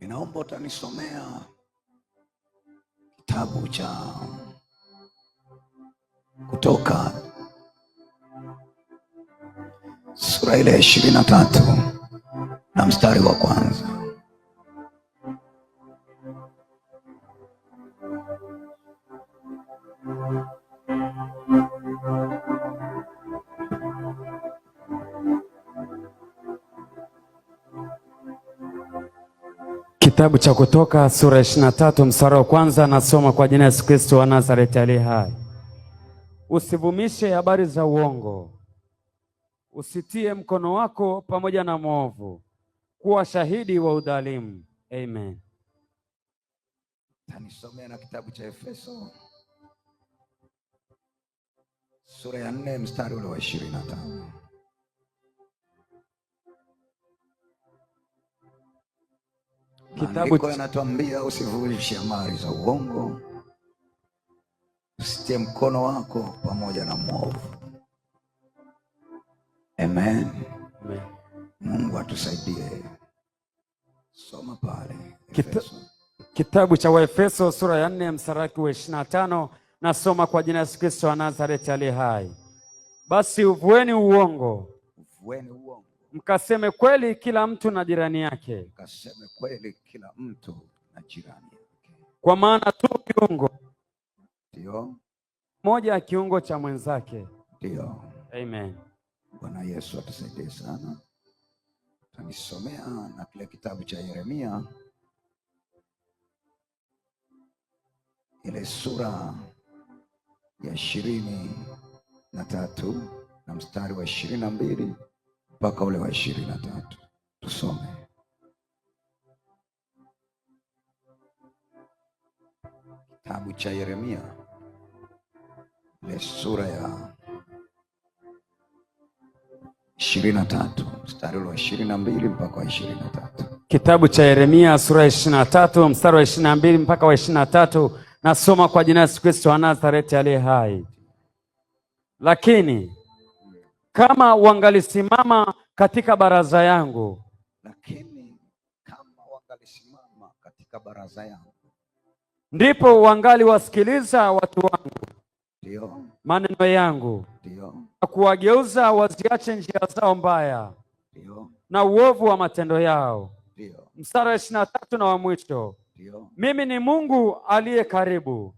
ninaomba utanisomea kitabu cha Kutoka sura ile ya ishirini na tatu na mstari wa kwanza. Kitabu cha Kutoka sura ishirini na tatu mstari wa kwanza nasoma kwa jina Yesu Kristo wa Nazareti aliye hai. Usivumishe habari za uongo, usitie mkono wako pamoja na mwovu, kuwa shahidi wa udhalimu. Amen. Tanisomea na kitabu cha Efeso sura ya nne mstari ule wa ishirini na tano. Maandiko yanatuambia usivunje amari za uongo, usitie mkono wako pamoja na mwovu. Amen. Amen. Mungu atusaidie. Soma pale Kita, kitabu cha Waefeso sura ya nne msaraki wa ishirini na tano nasoma kwa jina Yesu Kristo wa Nazareti aliye hai. Basi uvueni uongo, uvueni uongo Mkaseme kweli kila mtu na jirani yake. Mkaseme kweli kila mtu na jirani yake. Kwa maana tu kiungo ndio moja ya kiungo cha mwenzake. Ndio. Amen. Bwana Yesu atusaidie sana. Tunisomea na kile kitabu cha Yeremia ile sura ya ishirini na tatu na mstari wa ishirini na mbili mpaka ule wa ishirini na tatu tusome. Kitabu cha Yeremia ile sura ya ishirini na tatu mstari wa ishirini na mbili mpaka wa ishirini na tatu Kitabu cha Yeremia sura ya ishirini na tatu mstari wa ishirini na mbili mpaka wa ishirini na tatu Nasoma kwa jina la Yesu Kristo wa Nazareti aliye hai. Lakini kama wangalisimama katika baraza yangu, lakini kama wangalisimama katika baraza yangu, ndipo wangaliwasikiliza watu wangu, ndio maneno yangu, ndio na kuwageuza waziache njia zao mbaya, ndio na uovu wa matendo yao. Ndio mstari wa ishirini na tatu na wa mwisho, mimi ni Mungu aliye karibu,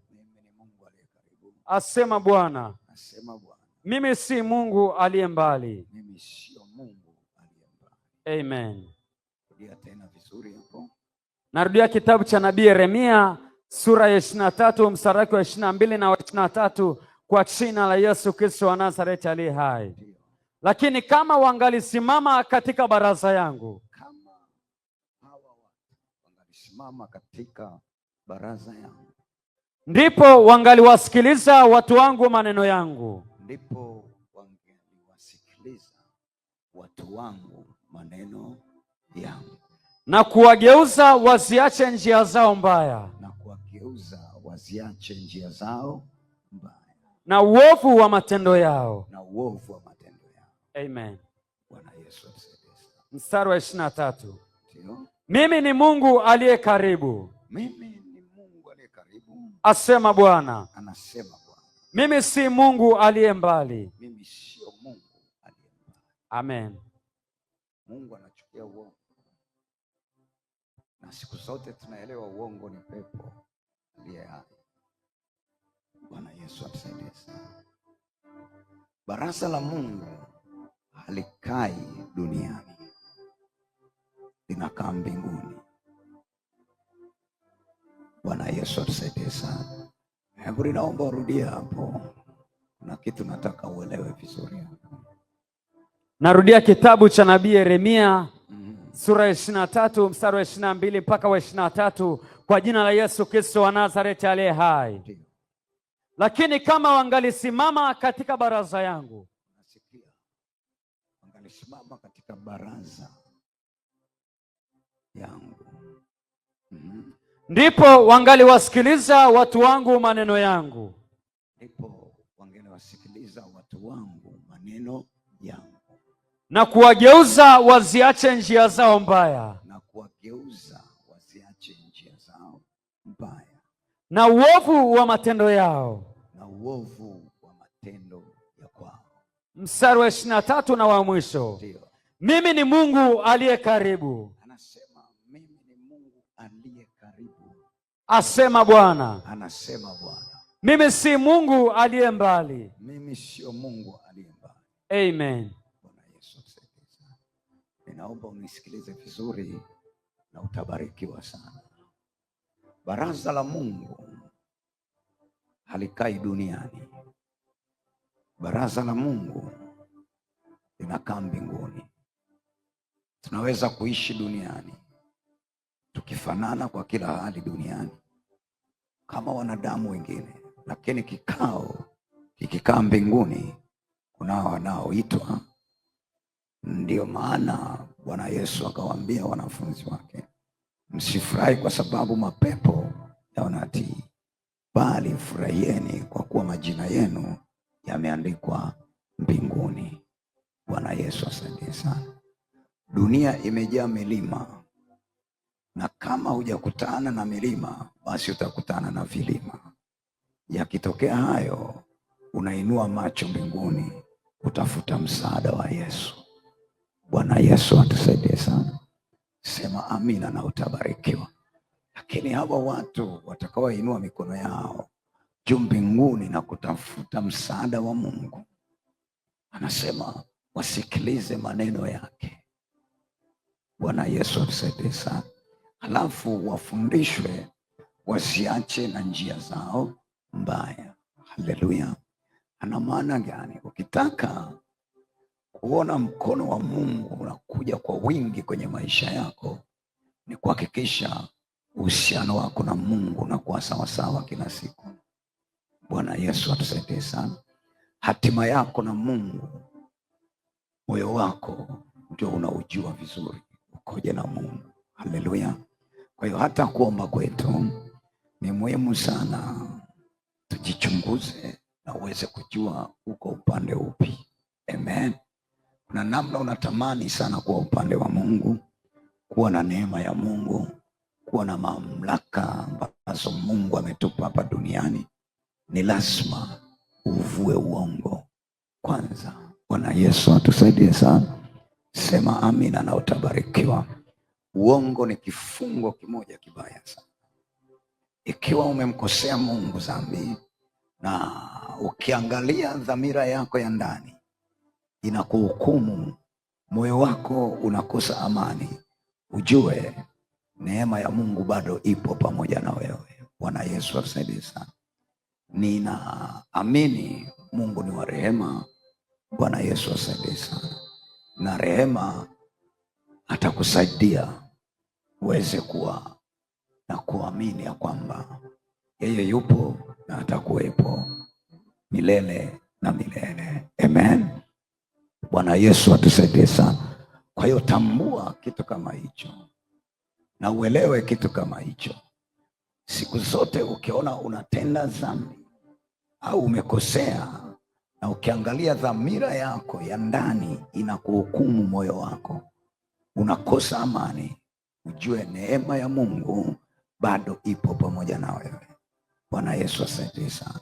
asema Bwana, asema Bwana mimi si Mungu aliye mbali. Mimi sio Mungu aliye mbali. Amen. Rudia tena vizuri hapo. Narudia kitabu cha nabii Yeremia sura ya ishirini na tatu mstari wa ishirini na mbili na wa ishirini na tatu kwa jina la Yesu Kristo wa Nazareti aliye hai. Lakini kama wangalisimama katika baraza yangu, kama hawa wangalisimama katika baraza yangu, ndipo wangaliwasikiliza watu wangu maneno yangu ndipo wangeliwasikiliza watu wangu maneno yangu, na kuwageuza waziache njia zao mbaya, na kuwageuza waziache njia zao mbaya, na uovu wa matendo yao, na uovu wa matendo yao. Amen. Bwana Yesu asifiwe. Mstari wa ishirini na tatu. Mimi ni Mungu aliye karibu, mimi ni Mungu aliye karibu, asema Bwana, anasema mimi si Mungu aliye mbali. Mimi sio Mungu aliye mbali. Amen. Mungu anachukia uongo. Na siku zote tunaelewa uongo ni pepo aliye hai. Bwana Yesu atusaidie sana. Baraza la Mungu halikai duniani. Linakaa mbinguni. Bwana Yesu atusaidie sana. Hebu ninaomba urudie hapo, kuna kitu nataka uelewe vizuri. Narudia kitabu cha nabii Yeremia mm-hmm. sura ya ishirini na tatu mstari wa ishirini na mbili mpaka wa ishirini na tatu kwa jina la Yesu Kristo wa Nazareti aliye hai Lakini kama wangalisimama katika baraza yangu, wangalisimama katika baraza yangu mm -hmm ndipo wangaliwasikiliza watu wangu maneno yangu, ndipo wangaliwasikiliza watu wangu maneno yangu, na kuwageuza waziache njia zao mbaya, na kuwageuza waziache njia zao mbaya, na uovu wa matendo yao, na uovu wa matendo ya kwao. Mstari wa ishirini na tatu na wa mwisho, mimi ni Mungu aliye karibu asema Bwana, anasema Bwana, mimi si Mungu aliye mbali, mimi sio Mungu aliye mbali. Amen. Bwana Yesu asifiwe. Ninaomba unisikilize vizuri na utabarikiwa sana. Baraza la Mungu halikai duniani. Baraza la Mungu linakaa mbinguni. Tunaweza kuishi duniani tukifanana kwa kila hali duniani, kama wanadamu wengine, lakini kikao kikikaa mbinguni kunao wanaoitwa. ndio maana Bwana Yesu akawaambia wanafunzi wake, msifurahi kwa sababu mapepo yanatii, bali furahieni kwa kuwa majina yenu yameandikwa mbinguni. Bwana Yesu asante sana. Dunia imejaa milima na kama hujakutana na milima basi utakutana na vilima. Yakitokea hayo, unainua macho mbinguni kutafuta msaada wa Yesu. Bwana Yesu atusaidie sana. Sema amina na utabarikiwa. Lakini hawa watu watakaoinua mikono yao juu mbinguni na kutafuta msaada wa Mungu, anasema wasikilize maneno yake. Bwana Yesu atusaidie sana halafu wafundishwe wasiache na njia zao mbaya. Haleluya! Ana maana gani? Ukitaka kuona mkono wa Mungu unakuja kwa wingi kwenye maisha yako, ni kuhakikisha uhusiano wako na Mungu unakuwa sawasawa kila siku. Bwana Yesu atusaidie sana. Hatima yako na Mungu, moyo wako ndio unaujua vizuri, ukoje na Mungu. Haleluya! Kwa hiyo hata kuomba kwetu ni muhimu sana, tujichunguze na uweze kujua uko upande upi. Amen. Kuna namna unatamani sana kuwa upande wa Mungu, kuwa na neema ya Mungu, kuwa na mamlaka ambazo Mungu ametupa hapa duniani. Ni lazima uvue uongo kwanza. Bwana Yesu atusaidie sana. Sema amina na utabarikiwa. Uongo ni kifungo kimoja kibaya sana. Ikiwa umemkosea Mungu dhambi, na ukiangalia dhamira yako ya ndani inakuhukumu, moyo wako unakosa amani, ujue neema ya Mungu bado ipo pamoja na wewe. Bwana Yesu asaidie sana. Ninaamini Mungu ni wa rehema. Bwana Yesu asaidie sana na rehema atakusaidia uweze kuwa na kuamini ya kwamba yeye yupo na atakuwepo milele na milele. Amen. Bwana Yesu atusaidie sana. Kwa hiyo tambua kitu kama hicho na uelewe kitu kama hicho. Siku zote ukiona unatenda dhambi au umekosea, na ukiangalia dhamira yako ya ndani inakuhukumu moyo wako unakosa amani, ujue neema ya Mungu bado ipo pamoja na wewe. Bwana Yesu asaidie sana.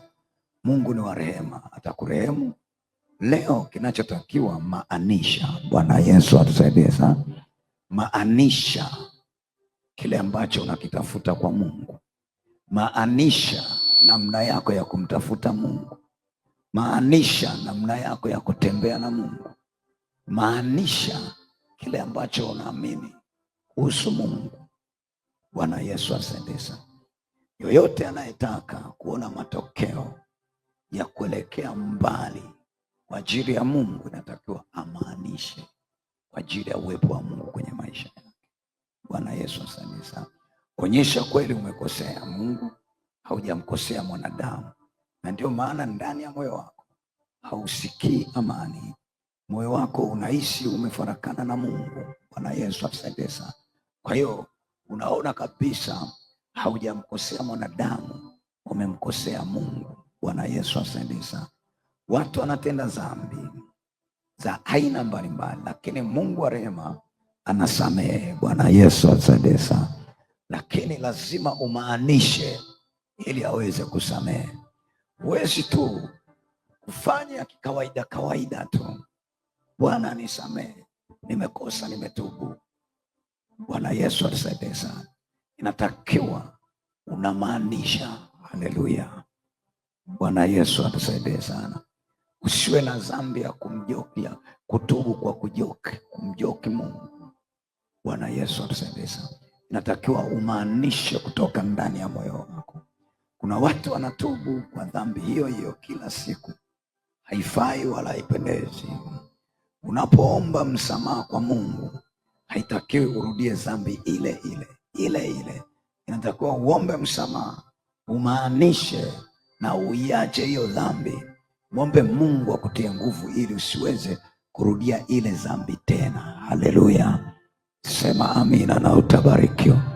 Mungu ni wa rehema, atakurehemu leo. Kinachotakiwa maanisha. Bwana Yesu atusaidie sana, maanisha kile ambacho unakitafuta kwa Mungu, maanisha namna yako ya kumtafuta Mungu, maanisha namna yako ya kutembea na Mungu, maanisha kile ambacho unaamini kuhusu Mungu. Bwana Yesu asaidie sana. Yoyote anayetaka kuona matokeo ya kuelekea mbali kwa ajili ya Mungu inatakiwa amaanishe kwa ajili ya uwepo wa Mungu kwenye maisha yake. Bwana Yesu asante sana. Onyesha kweli umekosea Mungu, haujamkosea mwanadamu, na ndio maana ndani ya moyo wako hausikii amani moyo wako unahisi umefarakana na Mungu. Bwana Yesu asante sana. Kwa hiyo unaona kabisa haujamkosea mwanadamu, umemkosea Mungu. Bwana Yesu asante sana. Watu wanatenda dhambi za aina mbalimbali, lakini Mungu wa rehema anasamehe. Bwana Yesu asante sana, lakini lazima umaanishe ili aweze kusamehe. Huwezi tu kufanya kikawaida kawaida tu Bwana nisamehe, nimekosa, nimetubu. Bwana Yesu atusaidie sana. Inatakiwa unamaanisha. Haleluya, Bwana Yesu atusaidie sana. Usiwe na dhambi ya kumjoki, ya kutubu kwa kujoki, kumjoki Mungu. Bwana Yesu atusaidie sana. Inatakiwa umaanishe kutoka ndani ya moyo wako. Kuna watu wanatubu kwa dhambi hiyo hiyo kila siku, haifai wala haipendezi. Unapoomba msamaha kwa Mungu, haitakiwi urudie dhambi ile ile ile ile. Inatakiwa uombe msamaha, umaanishe na uiache hiyo dhambi, mwombe Mungu akutie nguvu ili usiweze kurudia ile dhambi tena. Haleluya, sema amina na utabarikiwa.